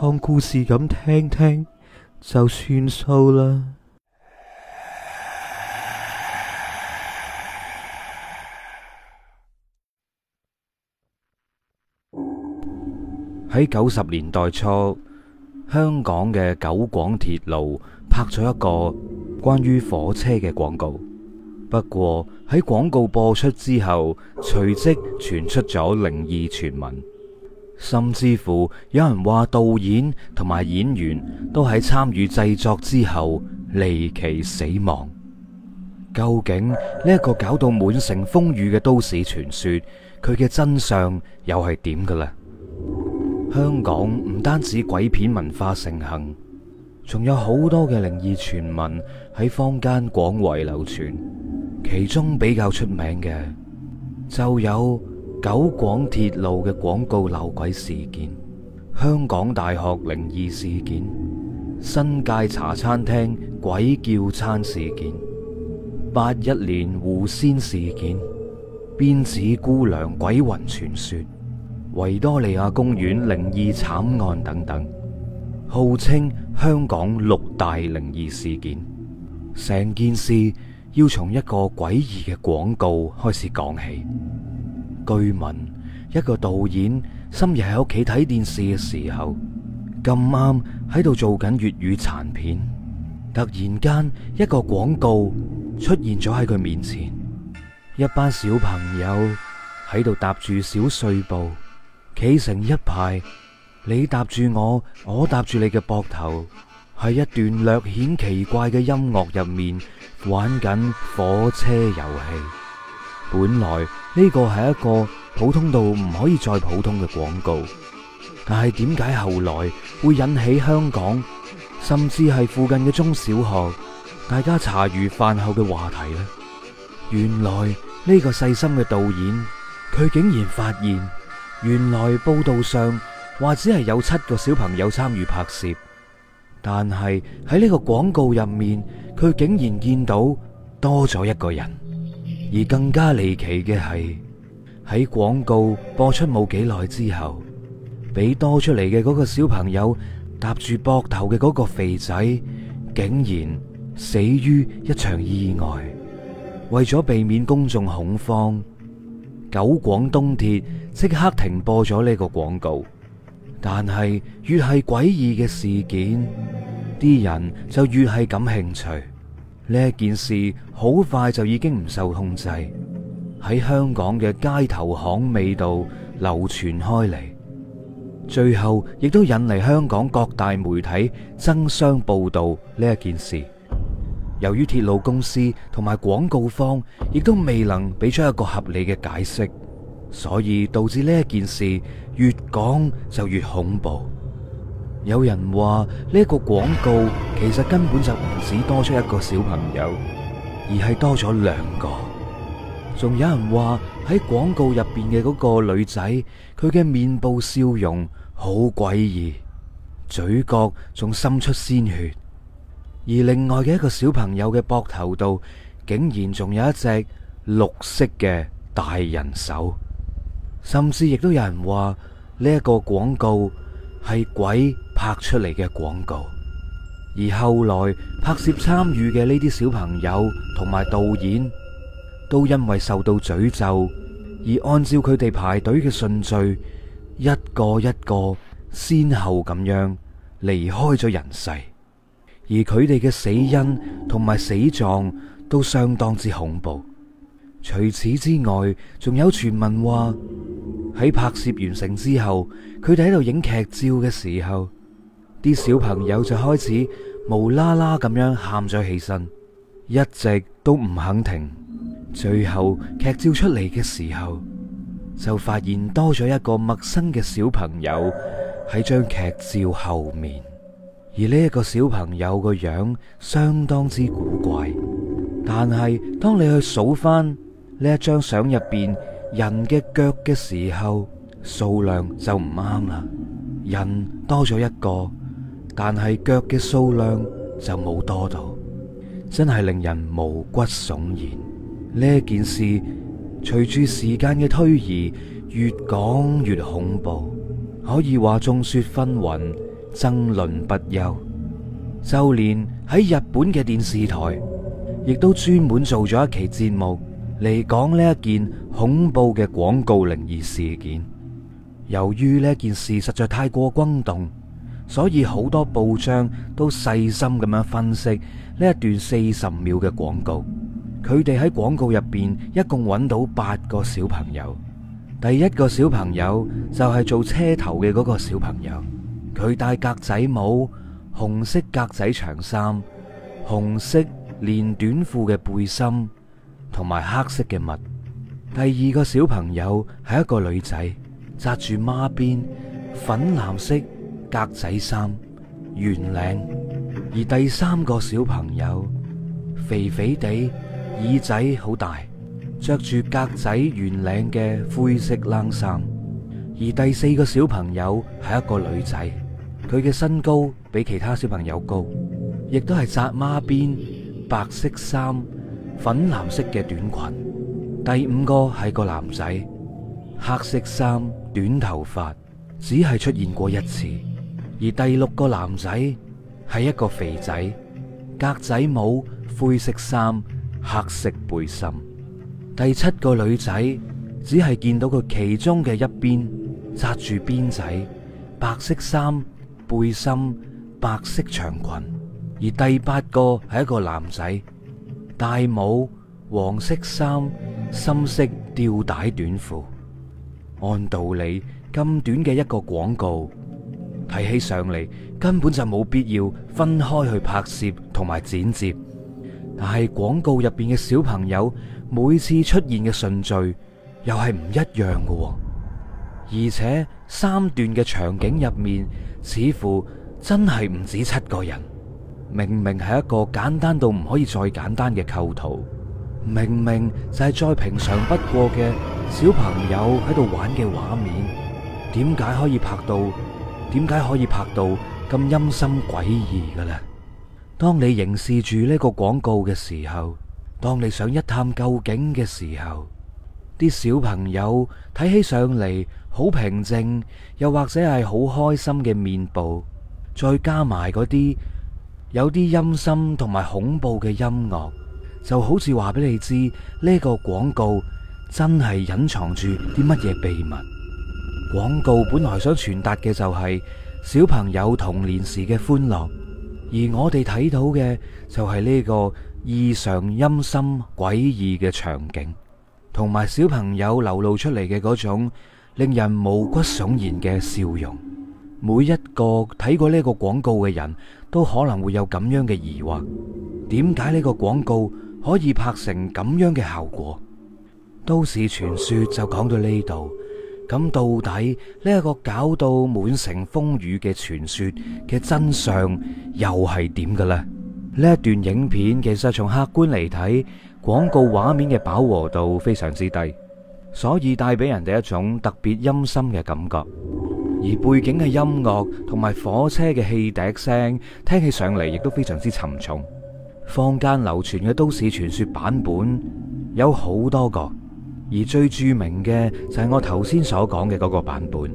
當故事咁聽聽就算數啦。喺九十年代初，香港嘅九廣鐵路拍咗一個關於火車嘅廣告。不過喺廣告播出之後，隨即傳出咗靈異傳聞。甚至乎有人話導演同埋演員都喺參與製作之後離奇死亡。究竟呢個搞到滿城風雨嘅都市傳說，佢嘅真相又係點噶呢？香港唔單止鬼片文化盛行，仲有好多嘅靈異傳聞喺坊間廣為流傳。其中比較出名嘅就有。九廣鐵路嘅廣告鬧鬼事件、香港大學靈異事件、新界茶餐廳鬼叫餐事件、八一年狐仙事件、辮子姑娘鬼魂傳說、維多利亞公園靈異慘案等等，號稱香港六大靈異事件。成件事要從一個詭異嘅廣告開始講起。據聞，一個導演深夜喺屋企睇電視嘅時候，咁啱喺度做緊粵語殘片，突然間一個廣告出現咗喺佢面前，一班小朋友喺度搭住小碎步，企成一排，你搭住我，我搭住你嘅膊頭，喺一段略顯奇怪嘅音樂入面玩緊火車遊戲，本來。呢個係一個普通到唔可以再普通嘅廣告，但係點解後來會引起香港，甚至係附近嘅中小學，大家茶餘飯後嘅話題呢？原來呢個細心嘅導演，佢竟然發現，原來報道上話只係有七個小朋友參與拍攝，但係喺呢個廣告入面，佢竟然見到多咗一個人。而更加離奇嘅係，喺廣告播出冇幾耐之後，俾多出嚟嘅嗰個小朋友搭住膊頭嘅嗰個肥仔，竟然死於一場意外。為咗避免公眾恐慌，九廣東鐵即刻停播咗呢個廣告。但係越係詭異嘅事件，啲人就越係感興趣。呢一件事好快就已經唔受控制，喺香港嘅街頭巷尾度流傳開嚟，最後亦都引嚟香港各大媒體爭相報道呢一件事。由於鐵路公司同埋廣告方亦都未能俾出一個合理嘅解釋，所以導致呢一件事越講就越恐怖。有人話呢個廣告其實根本就唔止多出一個小朋友，而係多咗兩個。仲有人話喺廣告入邊嘅嗰個女仔，佢嘅面部笑容好詭異，嘴角仲滲出鮮血。而另外嘅一個小朋友嘅膊頭度，竟然仲有一隻綠色嘅大人手。甚至亦都有人話呢一個廣告係鬼拍出嚟嘅廣告，而後來拍攝參與嘅呢啲小朋友同埋導演都因為受到詛咒，而按照佢哋排隊嘅順序，一個一個先後咁樣離開咗人世。而佢哋嘅死因同埋死狀都相當之恐怖。除此之外，仲有傳聞話喺拍攝完成之後，佢哋喺度影劇照嘅時候。啲小朋友就開始無啦啦咁樣喊咗起身，一直都唔肯停。最後劇照出嚟嘅時候，就發現多咗一個陌生嘅小朋友喺張劇照後面。而呢一個小朋友個樣相當之古怪，但係當你去數翻呢一張相入邊人嘅腳嘅時候，數量就唔啱啦，人多咗一個。但係腳嘅數量就冇多到，真係令人毛骨悚然。呢件事隨住時間嘅推移，越講越恐怖，可以話眾說紛紜，爭論不休。就連喺日本嘅電視台，亦都專門做咗一期節目嚟講呢一件恐怖嘅廣告靈異事件。由於呢件事實在太過轟動。所以好多報章都細心咁樣分析呢一段四十秒嘅廣告。佢哋喺廣告入邊一共揾到八個小朋友。第一個小朋友就係做車頭嘅嗰個小朋友，佢戴格仔帽，紅色格仔長衫，紅色連短褲嘅背心，同埋黑色嘅襪。第二個小朋友係一個女仔，紮住孖辮，粉藍色。格仔衫、圓領，而第三個小朋友肥肥地，耳仔好大，着住格仔圓領嘅灰色冷衫、衫。而第四個小朋友係一個女仔，佢嘅身高比其他小朋友高，亦都係紮孖辮，白色衫、粉藍色嘅短裙。第五個係個男仔，黑色衫、短頭髮，只係出現過一次。而第六個男仔係一個肥仔，格仔帽、灰色衫、黑色背心。第七個女仔只係見到佢其中嘅一邊，紮住辮仔，白色衫、背心、白色長裙。而第八個係一個男仔，戴帽、黃色衫、深色吊帶短褲。按道理咁短嘅一個廣告。睇起上嚟根本就冇必要分開去拍攝同埋剪接，但係廣告入邊嘅小朋友每次出現嘅順序又係唔一樣嘅，而且三段嘅場景入面似乎真係唔止七個人，明明係一個簡單到唔可以再簡單嘅構圖，明明就係再平常不過嘅小朋友喺度玩嘅畫面，點解可以拍到？點解可以拍到咁陰森詭異嘅咧？當你凝視住呢個廣告嘅時候，當你想一探究竟嘅時候，啲小朋友睇起上嚟好平靜，又或者係好開心嘅面部，再加埋嗰啲有啲陰森同埋恐怖嘅音樂，就好似話俾你知，呢個廣告真係隱藏住啲乜嘢秘密。廣告本來想傳達嘅就係小朋友童年時嘅歡樂，而我哋睇到嘅就係呢個異常陰森、詭異嘅場景，同埋小朋友流露出嚟嘅嗰種令人毛骨悚然嘅笑容。每一個睇過呢個廣告嘅人都可能會有咁樣嘅疑惑：點解呢個廣告可以拍成咁樣嘅效果？都市傳說就講到呢度。咁到底呢一個搞到滿城風雨嘅傳說嘅真相又係點嘅呢？呢一段影片其實從客觀嚟睇，廣告畫面嘅飽和度非常之低，所以帶俾人哋一種特別陰森嘅感覺。而背景嘅音樂同埋火車嘅汽笛聲，聽起上嚟亦都非常之沉重。坊間流傳嘅都市傳說版本有好多個。而最著名嘅就係我頭先所講嘅嗰個版本，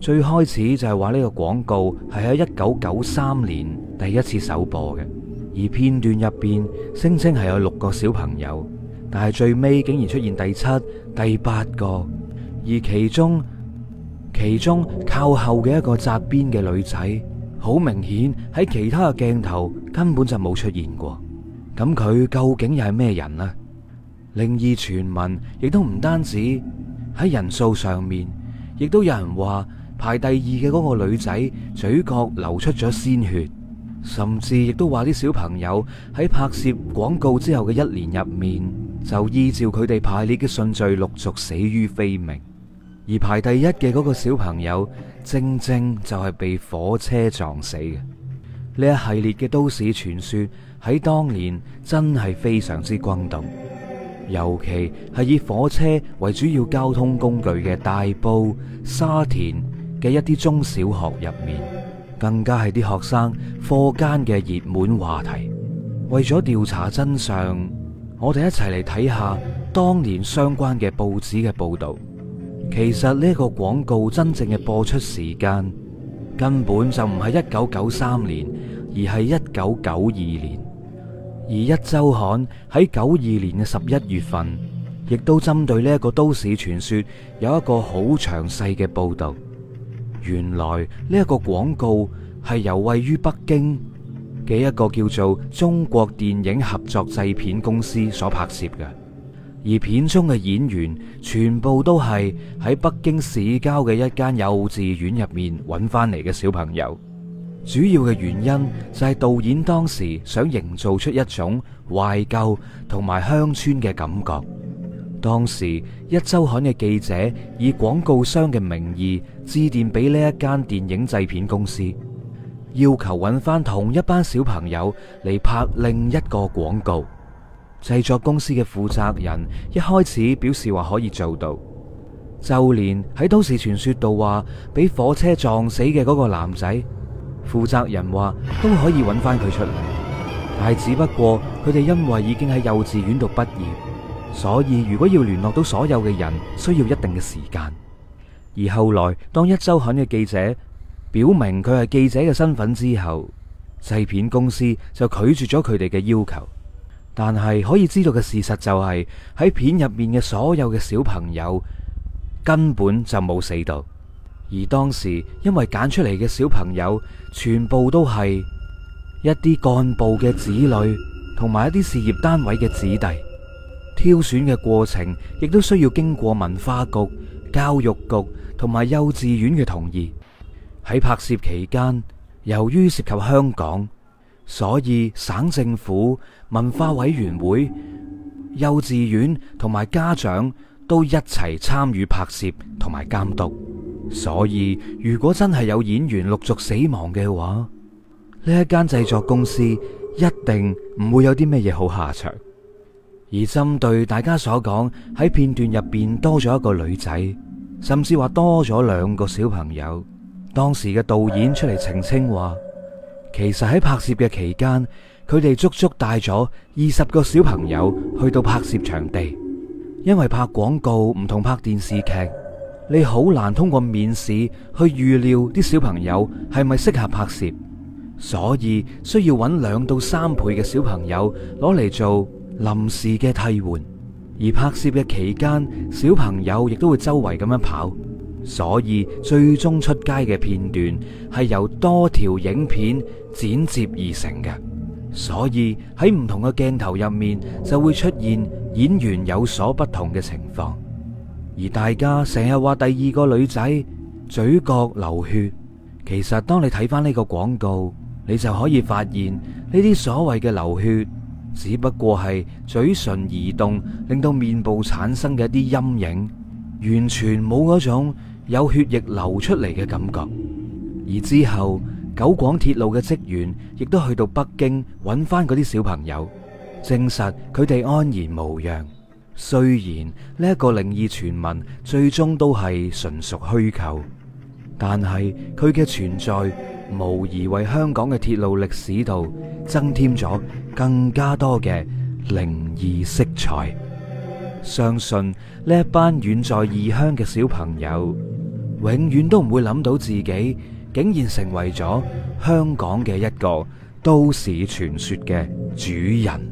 最開始就係話呢個廣告係喺一九九三年第一次首播嘅，而片段入邊聲稱係有六個小朋友，但係最尾竟然出現第七、第八個，而其中其中靠後嘅一個紮辮嘅女仔，好明顯喺其他嘅鏡頭根本就冇出現過，咁佢究竟又係咩人呢？靈異傳聞亦都唔單止喺人數上面，亦都有人話排第二嘅嗰個女仔嘴角流出咗鮮血，甚至亦都話啲小朋友喺拍攝廣告之後嘅一年入面，就依照佢哋排列嘅順序陸續死於非命，而排第一嘅嗰個小朋友正正就係被火車撞死嘅。呢一系列嘅都市傳說喺當年真係非常之轟動。尤其係以火車為主要交通工具嘅大埔、沙田嘅一啲中小學入面，更加係啲學生課間嘅熱門話題。為咗調查真相，我哋一齊嚟睇下當年相關嘅報紙嘅報道。其實呢個廣告真正嘅播出時間，根本就唔係一九九三年，而係一九九二年。而一周刊喺九二年嘅十一月份，亦都針對呢一個都市傳說有一個好詳細嘅報道。原來呢一個廣告係由位於北京嘅一個叫做中國電影合作製片公司所拍攝嘅，而片中嘅演員全部都係喺北京市郊嘅一間幼稚園入面揾翻嚟嘅小朋友。主要嘅原因就係導演當時想營造出一種懷舊同埋鄉村嘅感覺。當時，一周刊嘅記者以廣告商嘅名義致電俾呢一間電影製片公司，要求揾翻同一班小朋友嚟拍另一個廣告。製作公司嘅負責人一開始表示話可以做到，就連喺都市傳說度話俾火車撞死嘅嗰個男仔。負責人話都可以揾翻佢出嚟，但係只不過佢哋因為已經喺幼稚園讀畢業，所以如果要聯絡到所有嘅人，需要一定嘅時間。而後來，當一週刊嘅記者表明佢係記者嘅身份之後，製片公司就拒絕咗佢哋嘅要求。但係可以知道嘅事實就係、是、喺片入面嘅所有嘅小朋友根本就冇死到。而當時，因為揀出嚟嘅小朋友全部都係一啲幹部嘅子女，同埋一啲事業單位嘅子弟，挑選嘅過程亦都需要經過文化局、教育局同埋幼稚園嘅同意。喺拍攝期間，由於涉及香港，所以省政府、文化委員會、幼稚園同埋家長都一齊參與拍攝同埋監督。所以，如果真係有演員陸續死亡嘅話，呢一間製作公司一定唔會有啲咩嘢好下場。而針對大家所講喺片段入邊多咗一個女仔，甚至話多咗兩個小朋友，當時嘅導演出嚟澄清話，其實喺拍攝嘅期間，佢哋足足帶咗二十個小朋友去到拍攝場地，因為拍廣告唔同拍電視劇。你好難通過面試去預料啲小朋友係咪適合拍攝，所以需要揾兩到三倍嘅小朋友攞嚟做臨時嘅替換。而拍攝嘅期間，小朋友亦都會周圍咁樣跑，所以最終出街嘅片段係由多條影片剪接而成嘅。所以喺唔同嘅鏡頭入面，就會出現演員有所不同嘅情況。而大家成日話第二個女仔嘴角流血，其實當你睇翻呢個廣告，你就可以發現呢啲所謂嘅流血，只不過係嘴唇移動，令到面部產生嘅一啲陰影，完全冇嗰種有血液流出嚟嘅感覺。而之後，九廣鐵路嘅職員亦都去到北京揾翻嗰啲小朋友，證實佢哋安然無恙。雖然呢一個靈異傳聞最終都係純屬虛構，但係佢嘅存在無疑為香港嘅鐵路歷史度增添咗更加多嘅靈異色彩。相信呢一班遠在異鄉嘅小朋友，永遠都唔會諗到自己竟然成為咗香港嘅一個都市傳說嘅主人。